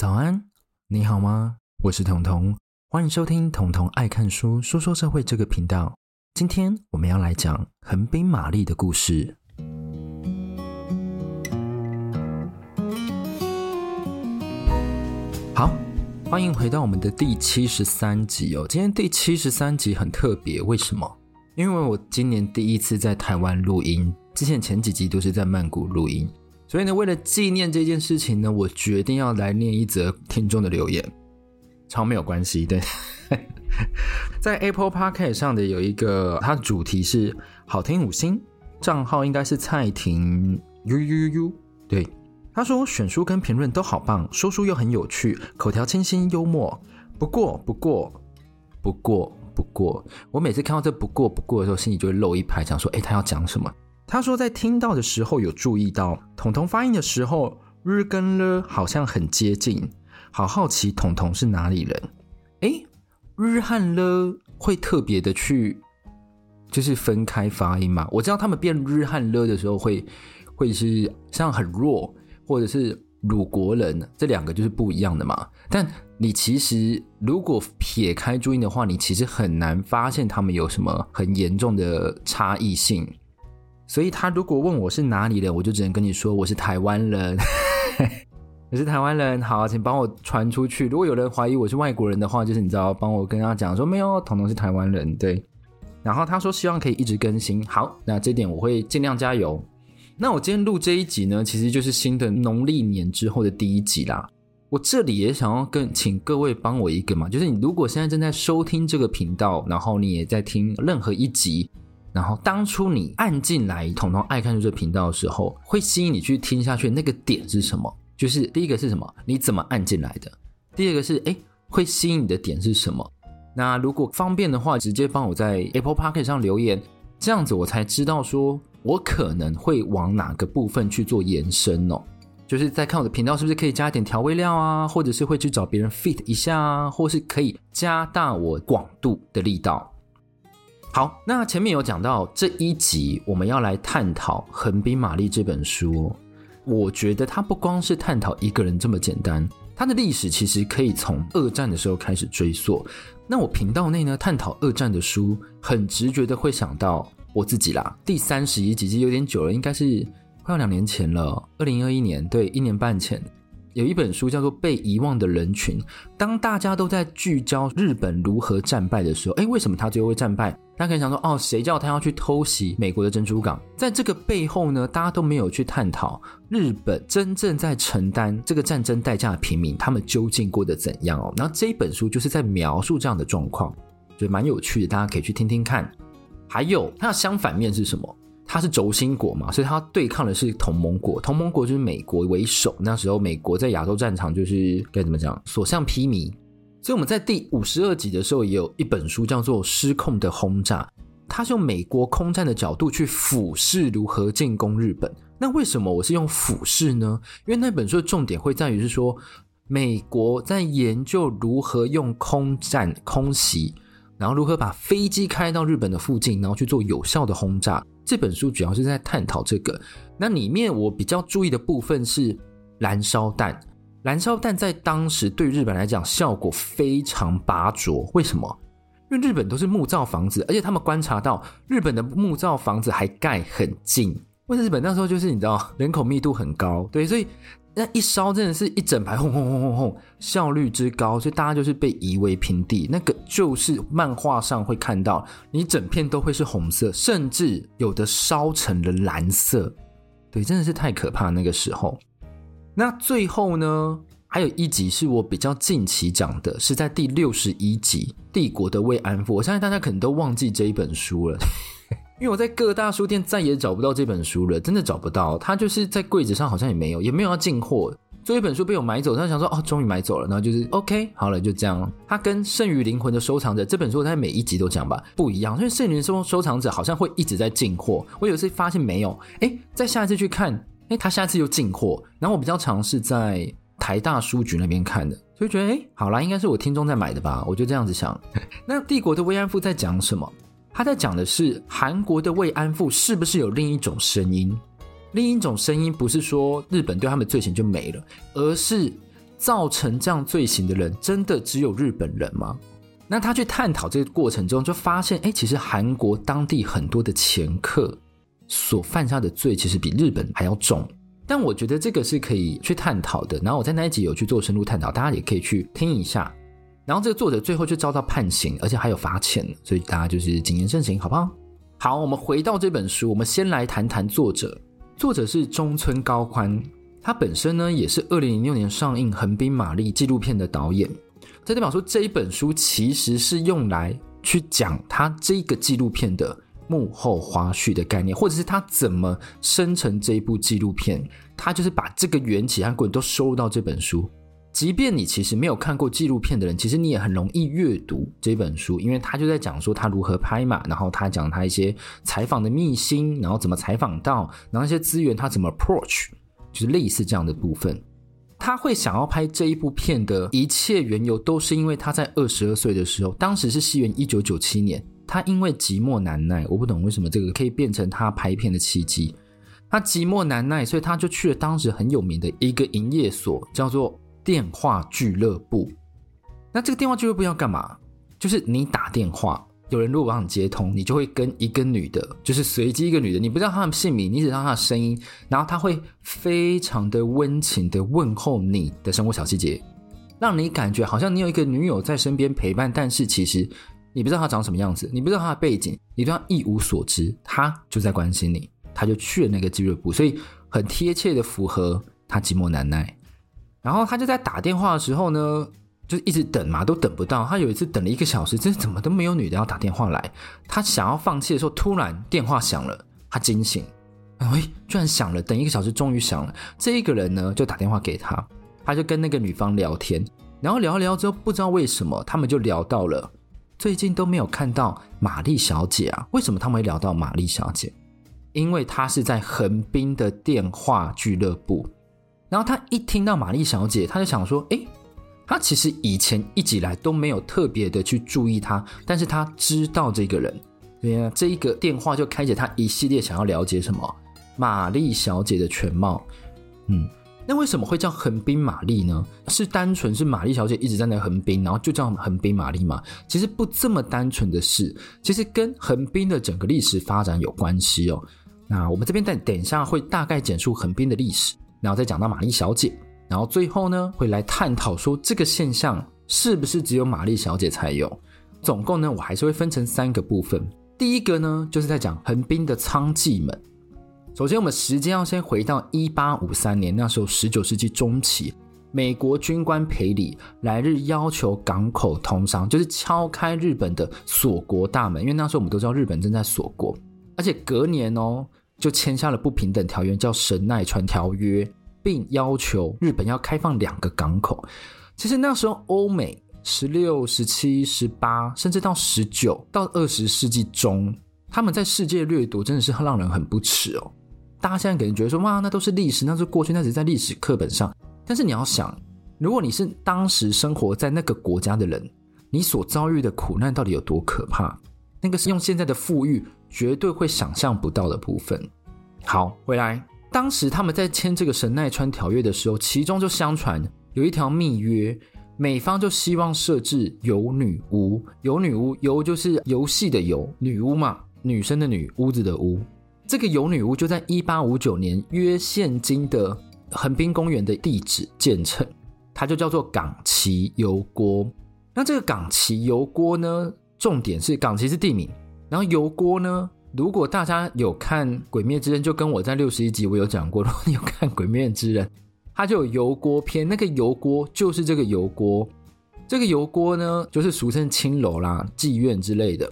早安，你好嗎？我是統統，歡迎收聽統統愛看書書說社會這個頻道。今天我們要來講《橫濱瑪麗》的故事。好，歡迎回到我們的第七十三集哦。今天第七十三集很特別，為什麼？因為我今年第一次在台灣錄音，之前前幾集都是在曼谷錄音。所以呢，為了紀念這件事情呢，我決定要來念一則聽眾的留言，超沒有關係。對， 在 Apple Podcast 上的有一個，它的主題是好聽五星，賬號應該是蔡婷呦呦呦，U U U, 對，他說選書跟評論都好棒，說書又很有趣，口條清新幽默。不過，不過，不過，不過，不過我每次看到這不過不過的時候，心裡就會漏一拍，想說，哎，他要講什麼？他說，在聽到的時候有注意到，彤彤發音的時候，日跟了好像很接近，好好奇彤彤是哪裡人？哎、欸，日和了會特別的去，就是分開發音嘛。我知道他們變日和了的時候會，會是像很弱，或者是魯國人這兩個就是不一樣的嘛。但你其實如果撇開注音的話，你其實很難發現他們有什麼很嚴重的差異性。所以他如果問我是哪裡的，我就只能跟你說我是台灣人。 我是台灣人，好，請幫我傳出去。如果有人懷疑我是外國人的話，就是你知道幫我跟他講說沒有，統統是台灣人。對，然後他說希望可以一直更新，好，那這點我會盡量加油。那我今天錄這一集呢，其實就是新的農曆年之後的第一集啦。我這裡也想要跟請各位幫我一個嘛，就是你如果現在正在收聽這個頻道，然後你也在聽任何一集。然後當初你按進來統統愛看書這個頻道的時候，會吸引你去聽下去那個點是什麼？就是第一個是什麼？你怎麼按進來的？第二個是哎，會吸引你的點是什麼？那如果方便的話，直接幫我在 Apple Podcast 上留言，這樣子我才知道說我可能會往哪個部分去做延伸哦。就是在看我的頻道是不是可以加一點調味料啊，或者是會去找別人 feat 一下啊，或是可以加大我廣度的力道。好，那前面有講到這一集，我們要來探討《橫濱瑪麗》這本書。我覺得它不光是探討一個人這麼簡單，它的歷史其實可以從二戰的時候開始追溯。那我頻道內呢，探討二戰的書，很直覺的會想到我自己啦。第三十一集其實有點久了，應該是快要兩年前了，二零二一年，對，一年半前。有一本書叫做《被遺忘的人群》，當大家都在聚焦日本如何戰敗的時候，哎，為什麼他最後會戰敗？大家可以想說，哦，誰叫他要去偷襲美國的珍珠港？在這個背後呢，大家都沒有去探討日本真正在承擔這個戰爭代價的平民，他們究竟過得怎樣哦？然後這一本書就是在描述這樣的狀況，就蠻有趣的，大家可以去聽聽看。還有，它的相反面是什麼？它是軸心國嘛，所以它對抗的是同盟國。同盟國就是美國為首。那時候美國在亞洲戰場就是該怎麼講，所向披靡。所以我們在第五十二集的時候也有一本書叫做《失控的轟炸》，它是用美國空戰的角度去俯視如何進攻日本。那為什麼我是用俯視呢？因為那本書的重點會在於是說，美國在研究如何用空戰、空襲，然後如何把飛機開到日本的附近，然後去做有效的轟炸。這本書主要是在探討這個，那裡面我比較注意的部分是燃燒彈。燃燒彈在當時對日本來講效果非常拔卓。為什麼？因為日本都是木造房子，而且他們觀察到日本的木造房子還蓋很近。因為日本那時候就是你知道人口密度很高，對，所以。那一燒真的是一整排轟轟轟轟轟，效率之高，所以大家就是被夷為平地。那個就是漫畫上會看到，你整片都會是紅色，甚至有的燒成了藍色。對，真的是太可怕，那個時候。那最後呢，還有一集是我比較近期講的，是在第六十一集《帝國的慰安婦》。我相信大家可能都忘記這一本書了。 因為我在各大書店再也找不到這本書了，真的找不到。他就是在櫃子上好像也沒有，也沒有要進貨。最後一本書被我買走，他想說哦，終於買走了，然後就是 OK 好了，就這樣。他跟《剩餘靈魂的收藏者》這本書，它每一集都講吧，不一樣，因為《剩餘收收藏者》好像會一直在進貨。我有一次發現沒有，哎，再下一次去看，哎，他下一次又進貨。然後我比較嘗試在台大書局那邊看的，就會覺得哎，好啦，應該是我聽眾在買的吧，我就這樣子想。那《帝國的慰安婦》在講什麼？他在講的是韓國的慰安婦是不是有另一種聲音？另一種聲音不是說日本對他們的罪行就沒了，而是造成這樣罪行的人真的只有日本人嗎？那他去探討這個過程中，就發現，哎，其實韓國當地很多的掮客所犯下的罪，其實比日本還要重。但我覺得這個是可以去探討的。然後我在那一集有去做深入探討，大家也可以去聽一下。然後這個作者最後卻遭到判刑，而且還有罰錢，所以大家就是謹言慎行，好不好？好，我們回到這本書，我們先來談談作者。作者是中村高寬，他本身呢，也是二零零六年上映《橫濱瑪麗》紀錄片的導演。這代表說這一本書其實是用來去講他這一個紀錄片的幕後花絮的概念，或者是他怎麼生成這一部紀錄片。他就是把這個緣起和果都收入到這本書。即便你其實沒有看過紀錄片的人，其實你也很容易閱讀這本書，因為他就在講說他如何拍嘛，然後他講他一些採訪的秘辛，然後怎麼採訪到，然後一些資源他怎麼 approach，就是類似這樣的部分。他會想要拍這一部片的一切緣由，都是因為他在二十二歲的時候，當時是西元一九九七年，他因為寂寞難耐，我不懂為什麼這個可以變成他拍片的契機。他寂寞難耐，所以他就去了當時很有名的一個營業所，叫做。電話俱樂部，那這個電話俱樂部要幹嘛？就是你打電話，有人如果幫你接通，你就會跟一個女的，就是隨機一個女的，你不知道她的姓名，你只知道她的聲音，然後她會非常的溫情的問候你的生活小細節，讓你感覺好像你有一個女友在身邊陪伴，但是其實你不知道她長什麼樣子，你不知道她的背景，你對她一無所知，她就在關心你，她就去了那個俱樂部，所以很貼切的符合她寂寞難耐。然後他就在打電話的時候呢，就一直等嘛，都等不到。他有一次等了一個小時，真是怎麼都沒有女的要打電話來。他想要放棄的時候，突然電話響了，他驚醒，哎，居然響了！等一個小時終於響了。這一個人呢就打電話給他，他就跟那個女方聊天，然後聊一聊之後，不知道為什麼他們就聊到了最近都沒有看到瑪麗小姐啊？為什麼他們會聊到瑪麗小姐？因為她是在橫濱的電話俱樂部。然後他一聽到瑪麗小姐，他就想說：“誒，他其實以前一直來都沒有特別的去注意她，但是他知道這個人，對啊，這一個電話就開啟他一系列想要了解什麼瑪麗小姐的全貌。嗯，那為什麼會叫橫濱瑪麗呢？是單純是瑪麗小姐一直在那橫濱，然後就叫橫濱瑪麗嘛？其實不這麼單純的事，其實跟橫濱的整個歷史發展有關係哦。那我們這邊再等一下會大概簡述橫濱的歷史。”然後再講到瑪麗小姐，然後最後呢會來探討說這個現象是不是只有瑪麗小姐才有。總共呢我還是會分成三個部分。第一個呢就是在講橫濱的娼妓們。首先我們時間要先回到一八五三年，那時候十九世紀中期，美國軍官培里來日要求港口通商，就是敲開日本的鎖國大門。因為那時候我們都知道日本正在鎖國，而且隔年哦。就簽下了不平等條約，叫《神奈川條約》，並要求日本要開放兩個港口。其實那時候，歐美十六、十七、十八，甚至到十九、到二十世紀中，他們在世界掠奪真的是讓人很不齒哦。大家現在可能覺得說，哇，那都是歷史，那是過去，那只是在歷史課本上。但是你要想，如果你是當時生活在那個國家的人，你所遭遇的苦難到底有多可怕？那個是用現在的富裕。絕對會想象不到的部分。好，回來，當時他們在簽這個神奈川條約的時候，其中就相傳有一條密約，美方就希望設置遊女屋。遊女屋，遊就是遊戲的遊，女屋嘛，女生的女，屋子的屋。這個遊女屋就在一八五九年，約現今的橫濱公園的地址建成，它就叫做港崎遊郭。那這個港崎遊郭呢，重點是港崎是地名。然後遊郭呢？如果大家有看《鬼滅之刃》，就跟我在六十一集我有講過，如果你有看《鬼滅之刃》，它就有遊郭篇，那個遊郭就是這個遊郭。這個遊郭呢，就是俗稱青樓啦、妓院之類的。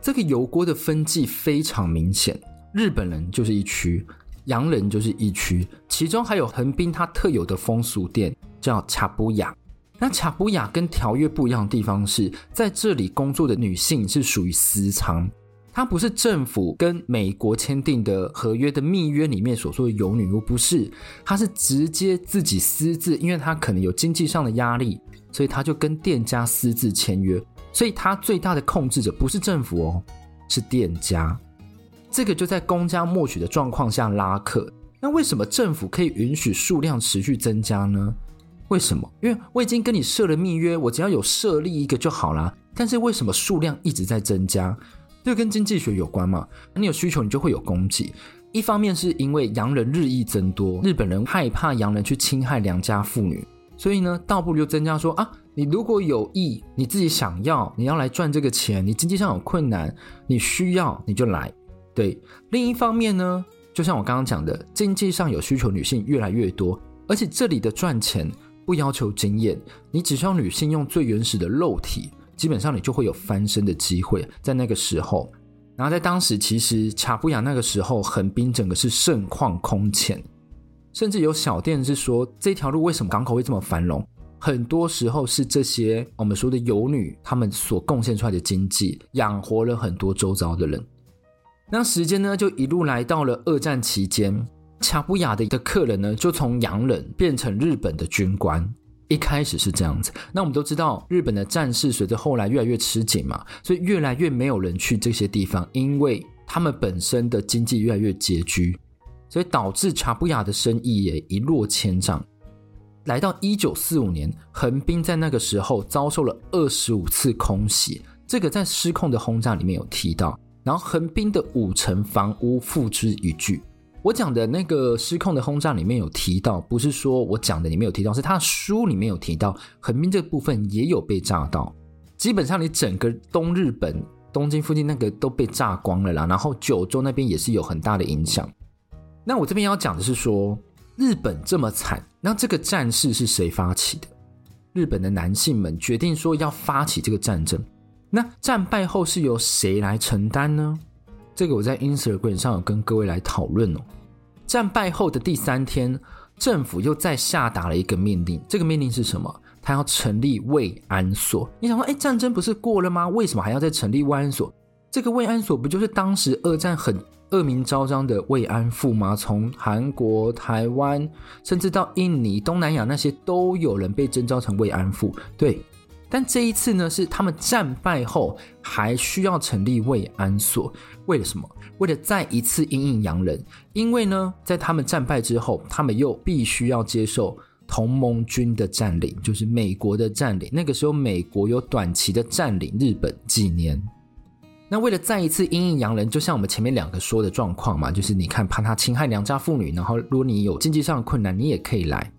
這個遊郭的分際，非常明顯，日本人就是一區，洋人就是一區，其中還有橫濱它特有的風俗店，叫茶布雅。那卡布亞跟條約不一樣的地方是，在這裡工作的女性是屬於私娼，她不是政府跟美國簽訂的合約的密約裡面所說的有女又不是，她是直接自己私自，因為她可能有經濟上的壓力，所以她就跟店家私自簽約，所以她最大的控制者不是政府哦，是店家，這個就在公家默許的狀況下拉客。那為什麼政府可以允許數量持續增加呢？為什麼？因為我已經跟你設了密約，我只要有設立一個就好啦。但是為什麼數量一直在增加？這跟經濟學有關嘛？那你有需求，你就會有供給。一方面是因為洋人日益增多，日本人害怕洋人去侵害良家婦女，所以呢，倒不如增加說啊，你如果有意，你自己想要，你要來賺這個錢，你經濟上有困難，你需要，你就來。對，另一方面呢，就像我剛剛講的，經濟上有需求，女性越來越多，而且這裡的賺錢。不要求經驗，你只需要女性用最原始的肉體，基本上你就會有翻身的機會。在那個時候，然後在當時，其實查布雅那個時候，橫濱整個是盛況空前，甚至有小店是說，這條路為什麼港口會這麼繁榮？很多時候是這些我們說的遊女，她們所貢獻出來的經濟，養活了很多周遭的人。那時間呢，就一路來到了二戰期間。卡布雅的一個客人呢，就從洋人變成日本的軍官。一開始是這樣子。那我們都知道，日本的戰事隨着後來越來越吃緊嘛，所以越來越沒有人去這些地方，因為他們本身的經濟越來越拮據，所以導致卡布雅的生意也一落千丈。來到一九四五年，橫濱在那個時候遭受了二十五次空襲，這個在失控的轟炸裡面有提到。然後橫濱的五層房屋付之一炬。我講的那個失控的轟炸裡面有提到，不是說我講的裡面有提到，是他的書裡面有提到，橫濱這個部分也有被炸到。基本上，你整個東日本、東京附近那個都被炸光了啦。然後九州那邊也是有很大的影響。那我這邊要講的是說，日本這麼慘，那這個戰事是誰發起的？日本的男性們決定說要發起這個戰爭，那戰敗後是由誰來承擔呢？這個我在 Instagram 上有跟各位來討論哦。戰敗後的第三天，政府又再下達了一個命令。這個命令是什麼？他要成立慰安所。你想說，欸，戰爭不是過了嗎？為什麼還要再成立慰安所？這個慰安所不就是當時二戰很惡名昭彰的慰安婦嗎？從韓國、台灣，甚至到印尼、東南亞那些，都有人被徵召成慰安婦。對。但這一次呢，是他們戰敗後還需要成立慰安所，為了什麼？為了再一次因應洋人。因為呢，在他們戰敗之後，他們又必須要接受同盟軍的占領，就是美國的占領。那個時候，美國有短期的占領日本幾年。那為了再一次因應洋人，就像我們前面兩個說的狀況嘛，就是你看，怕他侵害良家婦女，然後如果你有經濟上的困難，你也可以來。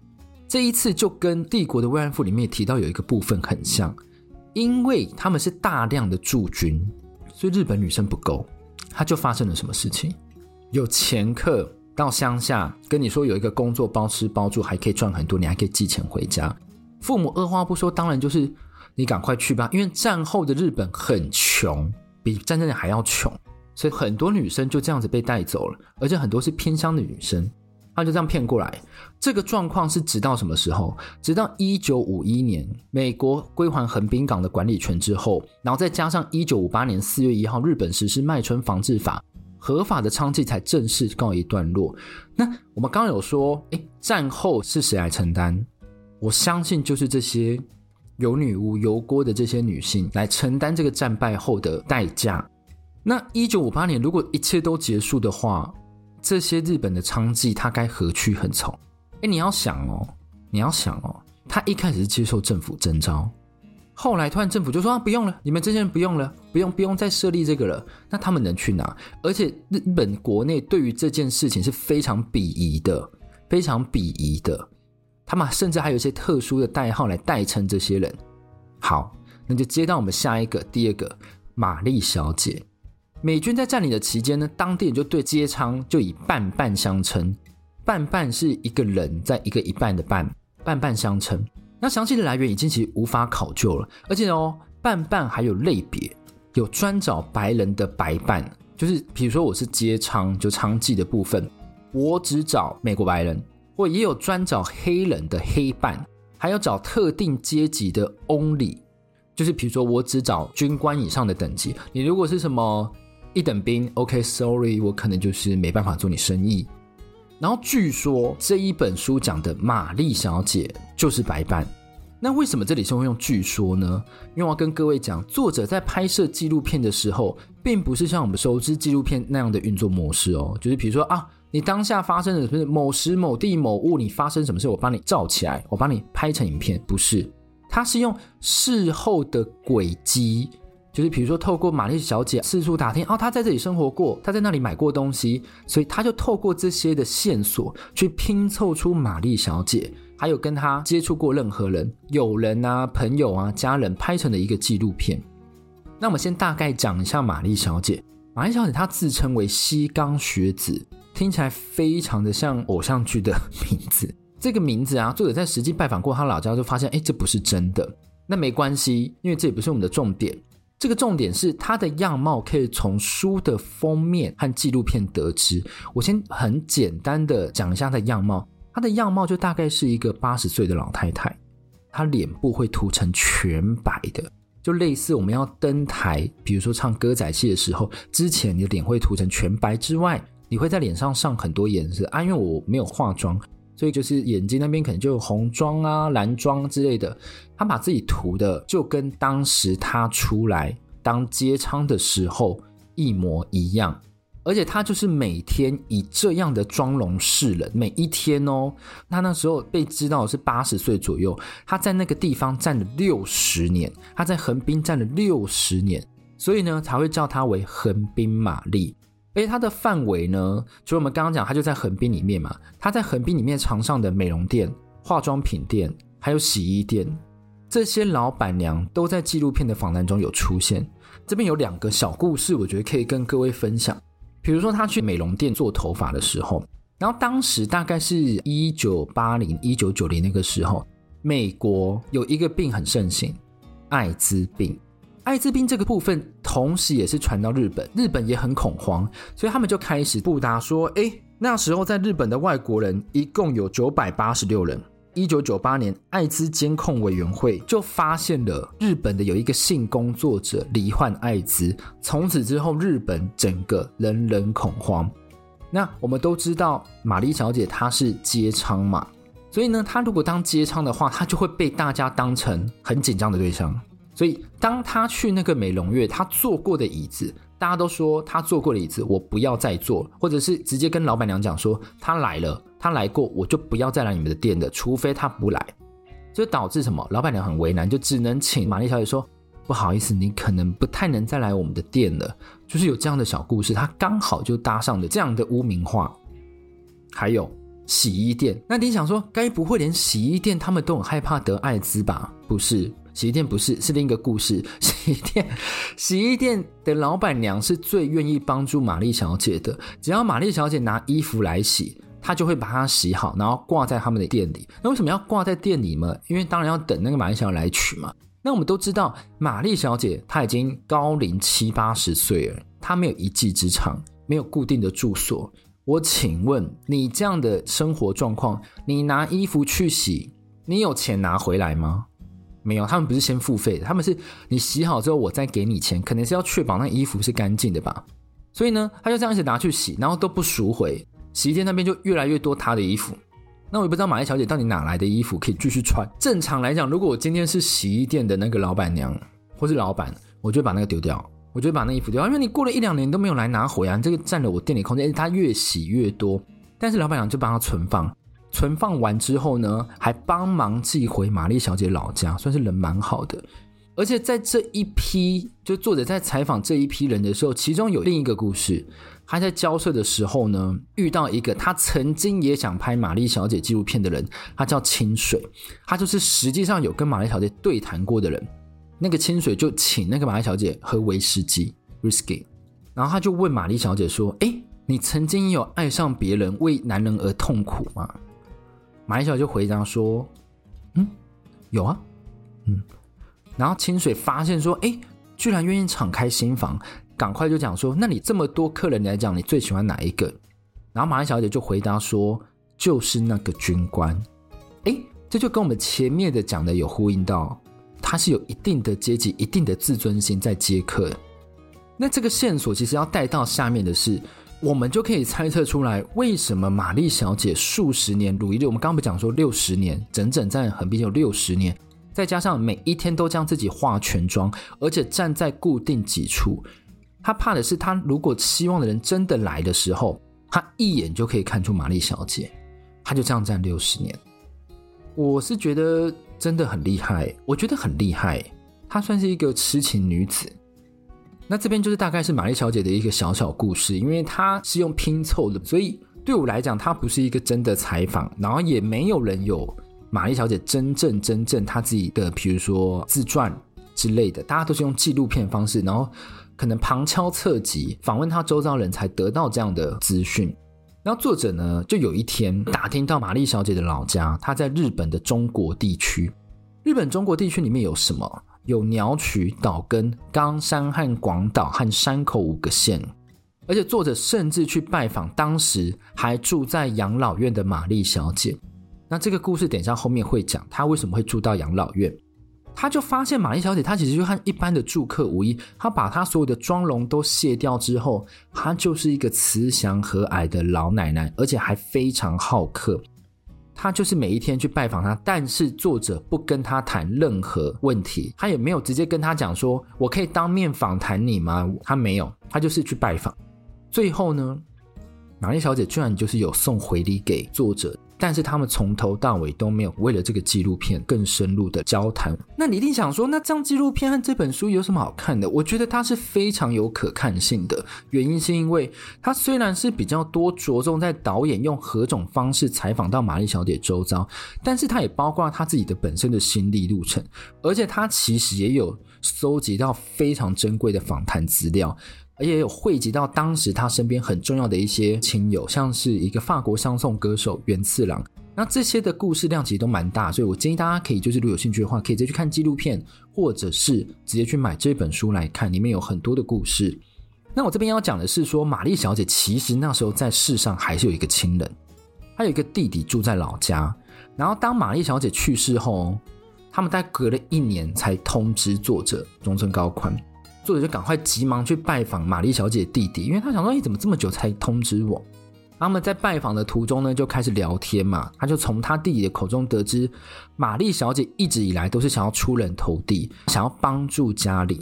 這一次就跟帝國的慰安婦裡面也提到有一個部分很像，因為他們是大量的駐軍，所以日本女生不夠，他就發生了什麼事情？有掮客到鄉下跟你說有一個工作包吃包住，還可以賺很多，你還可以寄錢回家。父母二話不說，當然就是你趕快去吧，因為戰後的日本很窮，比戰爭裡還要窮，所以很多女生就這樣子被帶走了，而且很多是偏鄉的女生。他就這樣騙過來，這個狀況是直到什麼時候？直到一九五一年，美國歸還橫濱港的管理權之後，然後再加上一九五八年四月一號，日本實施賣春防止法，合法的娼妓才正式告一段落。那我們剛剛有說，誒，戰後是誰來承擔？我相信就是這些有女巫、有鍋的這些女性來承擔這個戰敗後的代價。那一九五八年，如果一切都結束的話。這些日本的娼妓，他該何去何從？哎，你要想哦，你要想哦，他一開始是接受政府徵召，後來突然政府就說啊，不用了，你們這些人不用了，不用，不用再設立這個了。那他們能去哪？而且日本國內對於這件事情是非常鄙夷的，非常鄙夷的。他們甚至還有一些特殊的代號來代稱這些人。好，那就接到我們下一個，第二個瑪麗小姐。美軍在佔領的期間呢，當地人就對街娼，就以半半相稱，半半是一個人在一個一半的半，半半相稱。那詳細的來源已經其實無法考究了，而且哦，半半還有類別，有專找白人的白半，就是比如說我是街娼就娼妓的部分，我只找美國白人，或也有專找黑人的黑半，還有找特定階級的 only，就是比如說我只找軍官以上的等級，你如果是什麼。一等兵，OK，sorry，okay, 我可能就是沒辦法做你生意。然後據說這一本書講的瑪麗小姐就是白板。那為什麼這裡是會用“據說”呢？因為我要跟各位講，作者在拍攝紀錄片的時候，並不是像我們熟知紀錄片那樣的運作模式哦。就是比如說啊，你當下發生的，某時某地某物，你發生什麼事，我幫你照起來，我幫你拍成影片。不是，它是用事後的軌跡。就是比如說，透過瑪麗小姐四處打聽，哦，她在這裡生活過，她在那裡買過東西，所以她就透過這些的線索去拼湊出瑪麗小姐，還有跟她接觸過任何人、友人啊、朋友啊、家人拍成的一個紀錄片。那我們先大概講一下瑪麗小姐。瑪麗小姐她自稱為西岡雪子，聽起來非常的像偶像劇的名字。這個名字啊，作者在實際拜訪過她老家，就發現哎，這不是真的。那沒關係，因為這也不是我們的重點。這個重點是她的樣貌可以從書的封面和紀錄片得知。我先很簡單的講一下她的樣貌。她的樣貌就大概是一個八十歲的老太太，她臉部會塗成全白的，就類似我們要登台，比如說唱歌仔戲的時候，之前你的臉會塗成全白之外，你會在臉上上很多顏色啊，因為我沒有化妝。所以就是眼睛那邊可能就有紅妝啊、藍妝之類的，他把自己塗的就跟當時他出來當街娼的時候一模一樣，而且他就是每天以這樣的妝容示人，每一天哦。他那時候被知道的是八十歲左右，他在那個地方站了六十年，他在橫濱站了六十年，所以呢才會叫他為橫濱瑪麗。欸，他它的範圍呢，所以我們剛剛講，它就在橫濱裡面嘛。它在橫濱裡面常上的美容店、化妝品店、還有洗衣店，這些老闆娘都在紀錄片的訪談中有出現。這邊有兩個小故事，我覺得可以跟各位分享。比如說，他去美容店做頭髮的時候，然後當時大概是一九八零、一九九零那個時候，美國有一個病很盛行，艾滋病。艾滋病這個部分，同時也是傳到日本，日本也很恐慌，所以他們就開始布達說，哎，那時候在日本的外國人一共有九百八十六人。一九九八年，艾滋監控委員會就發現了日本的有一個性工作者罹患艾滋，從此之後，日本整個人人恐慌。那我們都知道，瑪麗小姐她是街娼嘛，所以呢，她如果當街娼的話，她就會被大家當成很緊張的對象。所以，當他去那個美容院，他坐過的椅子，大家都說他坐過的椅子，我不要再坐，或者是直接跟老闆娘講說他來了，他來過，我就不要再來你們的店了，除非他不來。就導致什麼？老闆娘很為難，就只能請瑪麗小姐說不好意思，你可能不太能再來我們的店了。就是有這樣的小故事。他剛好就搭上了這樣的污名化。還有洗衣店，那你想說，該不會連洗衣店他們都很害怕得艾滋吧？不是。洗衣店不是，是另一個故事。洗衣店，洗衣店的老闆娘是最願意幫助瑪麗小姐的。只要瑪麗小姐拿衣服來洗，她就會把它洗好，然後掛在他們的店裡。那為什麼要掛在店裡呢？因為當然要等那個瑪麗小姐來取嘛。那我們都知道，瑪麗小姐她已經高齡七八十歲了，她沒有一技之長，沒有固定的住所。我請問，你這樣的生活狀況，你拿衣服去洗，你有錢拿回來嗎？沒有，他們不是先付費的，他們是你洗好之後我再給你錢，可能是要確保那衣服是乾淨的吧。所以呢，他就這樣一直拿去洗，然後都不贖回。洗衣店那邊就越來越多他的衣服。那我也不知道瑪麗小姐到底哪來的衣服可以繼續穿。正常來講，如果我今天是洗衣店的那個老闆娘或是老闆，我就把那個丟掉，我就把那衣服丟掉，因為你過了一兩年都沒有來拿回啊，這個佔了我店裡空間。而且他越洗越多，但是老闆娘就幫他存放。存放完之後呢，還幫忙寄回瑪麗小姐老家，算是人蠻好的。而且在這一批，就作者在採訪這一批人的時候，其中有另一個故事，他在交涉的時候呢，遇到一個他曾經也想拍瑪麗小姐紀錄片的人，他叫清水，他就是實際上有跟瑪麗小姐對談過的人。那個清水就請那個瑪麗小姐喝威士忌 whisky，然後他就問瑪麗小姐說：“哎、欸，你曾經有愛上別人，為男人而痛苦嗎？”馬英小姐就回答說：“嗯，有啊，嗯。”然後清水發現說：“哎，居然願意敞開心房，趕快就講說，那你這麼多客人來講，你最喜歡哪一個？”然後瑪麗小姐就回答說：“就是那個軍官。”哎，這就跟我們前面的講的有呼應到，他是有一定的階級、一定的自尊心在接客。那這個線索其實要帶到下面的是。我們就可以猜測出來，為什麼瑪麗小姐數十年如一日？我們剛剛不講說六十年，整整站橫濱有六十年，再加上每一天都將自己化全妝，而且站在固定幾處。她怕的是，她如果期望的人真的來的時候，她一眼就可以看出瑪麗小姐。她就這樣站六十年，我是覺得真的很厲害，我覺得很厲害。她算是一個痴情女子。那這邊就是大概是瑪麗小姐的一個小小故事，因為她是用拼湊的，所以對我來講，她不是一個真的採訪，然後也沒有人有瑪麗小姐真正真正她自己的，譬如說自傳之類的，大家都是用紀錄片方式，然後可能旁敲側擊訪問她周遭人才得到這樣的資訊。然後作者呢，就有一天打聽到瑪麗小姐的老家，她在日本的中國地區，日本中國地區裡面有什麼？有鳥取、島根、岡山和廣島和山口五個縣，而且作者甚至去拜訪當時還住在養老院的瑪麗小姐。那這個故事等一下後面會講她為什麼會住到養老院。她就發現瑪麗小姐她其實就和一般的住客無異，她把她所有的妝容都卸掉之後，她就是一個慈祥和藹的老奶奶，而且還非常好客。他就是每一天去拜訪他，但是作者不跟他談任何問題，他也沒有直接跟他講說，我可以當面訪談你嗎？他沒有，他就是去拜訪。最後呢，瑪麗小姐居然就是有送回禮給作者。但是他們從頭到尾都沒有為了這個紀錄片更深入的交談。那你一定想說，那這張紀錄片和這本書有什麼好看的？我覺得它是非常有可看性的，原因是因為它雖然是比較多着重在導演用何種方式採訪到瑪麗小姐周遭，但是它也包括了他自己的本身的心歷路程，而且他其實也有搜集到非常珍貴的訪談資料。.而且有匯集到當時他身邊很重要的一些親友，像是一個法國香頌歌手袁次郎。那這些的故事量其實都蠻大，所以我建議大家可以就是如果有興趣的話，可以直接去看紀錄片，或者是直接去買這本書來看，裡面有很多的故事。那我這邊要講的是說，瑪麗小姐其實那時候在世上還是有一個親人，她有一個弟弟住在老家。然後當瑪麗小姐去世後，他們大概隔了一年才通知作者中村高寬。作者就趕快急忙去拜訪瑪麗小姐的弟弟，因為他想說：“你、欸、怎麼這麼久才通知我？”他們在拜訪的途中呢，就開始聊天嘛。他就從他弟弟的口中得知，瑪麗小姐一直以來都是想要出人頭地，想要幫助家裡，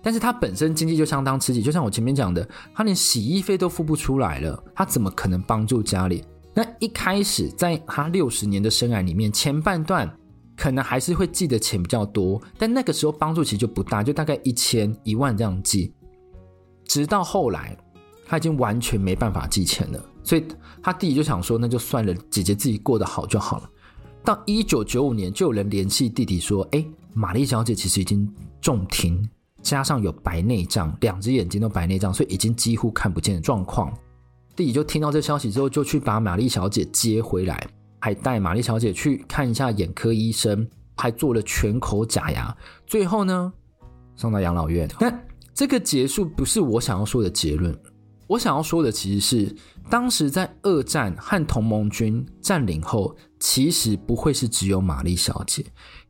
但是她本身經濟就相當刺激，就像我前面講的，她連洗衣費都付不出來了，她怎麼可能幫助家裡？那一開始，在她六十年的生涯裡面，前半段。可能還是會寄的錢比較多，但那個時候幫助其實就不大，就大概一千、一萬這樣寄。直到後來，他已經完全沒辦法寄錢了，所以他弟弟就想說：“那就算了，姐姐自己過得好就好了。”到一九九五年，就有人聯繫弟弟說：“哎，瑪麗小姐其實已經重聽，加上有白內障，兩隻眼睛都白內障，所以已經幾乎看不見的狀況。”弟弟就聽到這消息之後，就去把瑪麗小姐接回來。還帶瑪麗小姐去看一下眼科醫生，還做了全口假牙。最後呢，送到養老院。但這個結束不是我想要說的結論。我想要說的其實是，當時在二戰和同盟軍佔領後，其實不會是只有瑪麗小姐，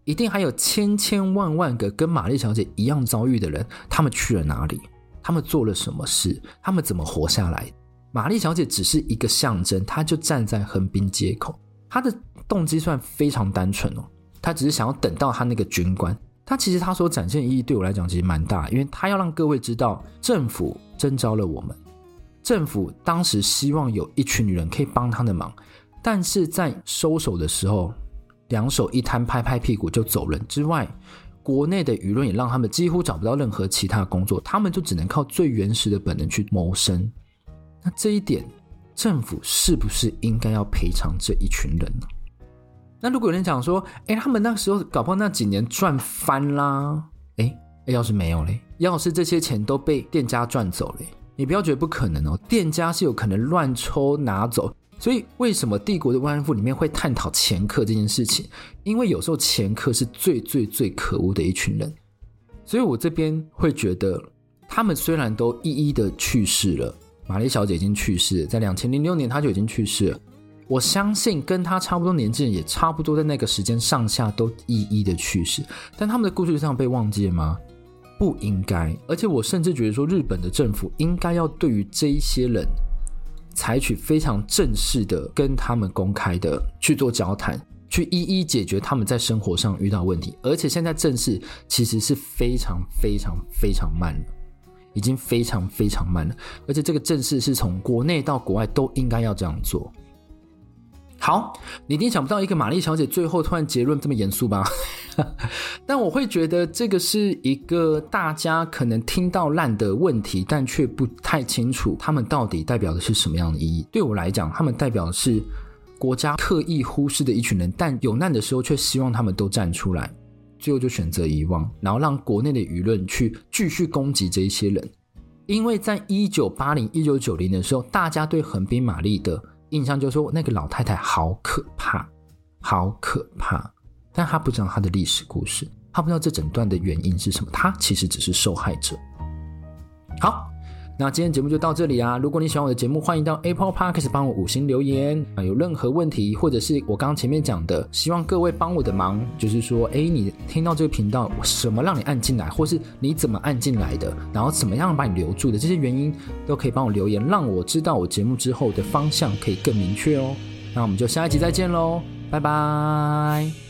一定還有千千萬萬個跟瑪麗小姐一樣遭遇的人。他們去了哪裡？他們做了什麼事？他們怎麼活下來？瑪麗小姐只是一個象徵，她就站在橫濱街口。他的動機算非常單純哦，他只是想要等到他那個軍官。他其實他所展現的意義對我來講其實蠻大，因為他要讓各位知道政府徵召了我們，政府當時希望有一群女人可以幫他的忙，但是在收手的時候，兩手一攤，拍拍屁股就走人。之外，國內的輿論也讓他們幾乎找不到任何其他的工作，他們就只能靠最原始的本能去謀生。那這一點。政府是不是應該要賠償這一群人呢？那如果有人講說：“哎，他們那個時候搞不好那幾年賺翻啦！”哎，要是沒有嘞，要是這些錢都被店家賺走嘞。你不要覺得不可能哦，店家是有可能亂抽拿走。所以，為什麼《帝國的慰安婦》裡面會探討前客這件事情？因為有時候前客是最最最可惡的一群人。所以我這邊會覺得，他們雖然都一一的去世了。瑪麗小姐已經去世了，在二千零六年她就已經去世了。我相信跟她差不多年紀也差不多，在那個時間上下都一一的去世，但他們的故事就這樣被忘記了嗎？不應該。而且我甚至覺得說，日本的政府應該要對於這一些人採取非常正式的，跟他們公開的去做交談，去一一解決他們在生活上遇到問題。而且現在正式其實是非常非常非常慢的。已經非常非常慢了，而且這個正事是從國內到國外都應該要這樣做。好，你一定想不到一個瑪麗小姐最後突然結論這麼嚴肅吧？ 但我會覺得這個是一個大家可能聽到爛的問題，但卻不太清楚他們到底代表的是什麼樣的意義。對我來講，他們代表的是國家刻意忽視的一群人，但有難的時候卻希望他們都站出來。最後就選擇遺忘，然後讓國內的輿論去繼續攻擊這一些人，因為在一九八零一九九零的時候，大家對橫濱瑪麗的印象就是說，那個老太太好可怕，好可怕，但她不知道她的歷史故事，她不知道這整段的原因是什麼，她其實只是受害者。那今天節目就到這裡啊！如果你喜歡我的節目，歡迎到 Apple Podcast 幫我五星留言啊！有任何問題，或者是我剛剛前面講的，希望各位幫我的忙，就是說，誒，你聽到這個頻道，什麼讓你按進來，或是你怎麼按進來的，然後怎麼樣把你留住的這些原因，都可以幫我留言，讓我知道我節目之後的方向可以更明確哦。那我們就下一集再見嘍，拜拜。